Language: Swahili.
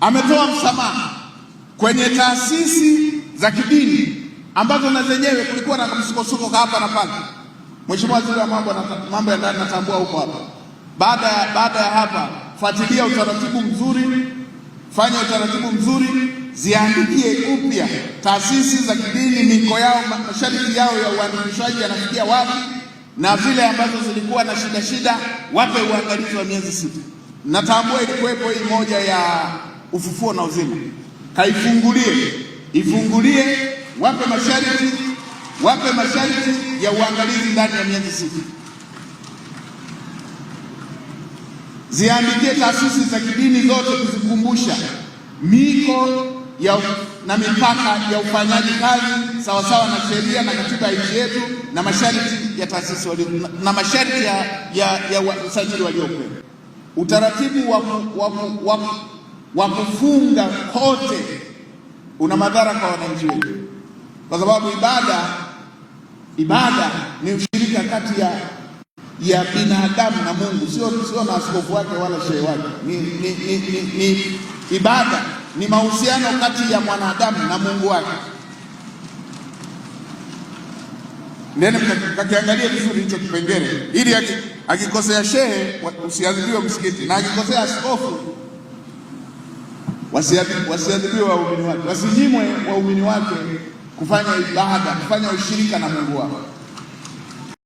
ametoa msamaha kwenye taasisi za kidini ambazo na zenyewe kulikuwa na msukosuko hapa na pale. Mheshimiwa Waziri wa mambo ya ndani, natambua huko hapa. Baada ya baada ya hapa, fuatilia utaratibu mzuri, fanya utaratibu mzuri, ziandikie upya taasisi za kidini, miko yao, masharti yao ya uandikishaji yanafikia wapi, na vile ambazo zilikuwa na shida shida, wape uangalizi wa miezi sita. Natambua ilikuwepo hii moja ya ufufuo na uzima. Kaifungulie, ifungulie, wape masharti, wape masharti ya uangalizi ndani ya miezi sita. Ziandikie taasisi za kidini zote kuzikumbusha miko ya na mipaka ya ufanyaji kazi sawasawa na sheria na katiba ya nchi yetu na masharti ya taasisi na masharti ya, ya, ya usajili waliopewa utaratibu wa, wa, wa, wa wa kufunga kote una madhara kwa wananchi wetu, kwa sababu ibada ibada ni ushirika kati ya ya binadamu na Mungu, sio sio na askofu wake wala shehe wake. Ni, ni, ni, ni, ni ibada ni mahusiano kati ya mwanadamu na Mungu wake. Nene kakiangalia vizuri hicho kipengele, ili akikosea shehe usiadhibiwe msikiti na akikosea askofu wasiadhibiwe waumini wake, wasinyimwe waumini wake kufanya ibada, kufanya ushirika na Mungu wao.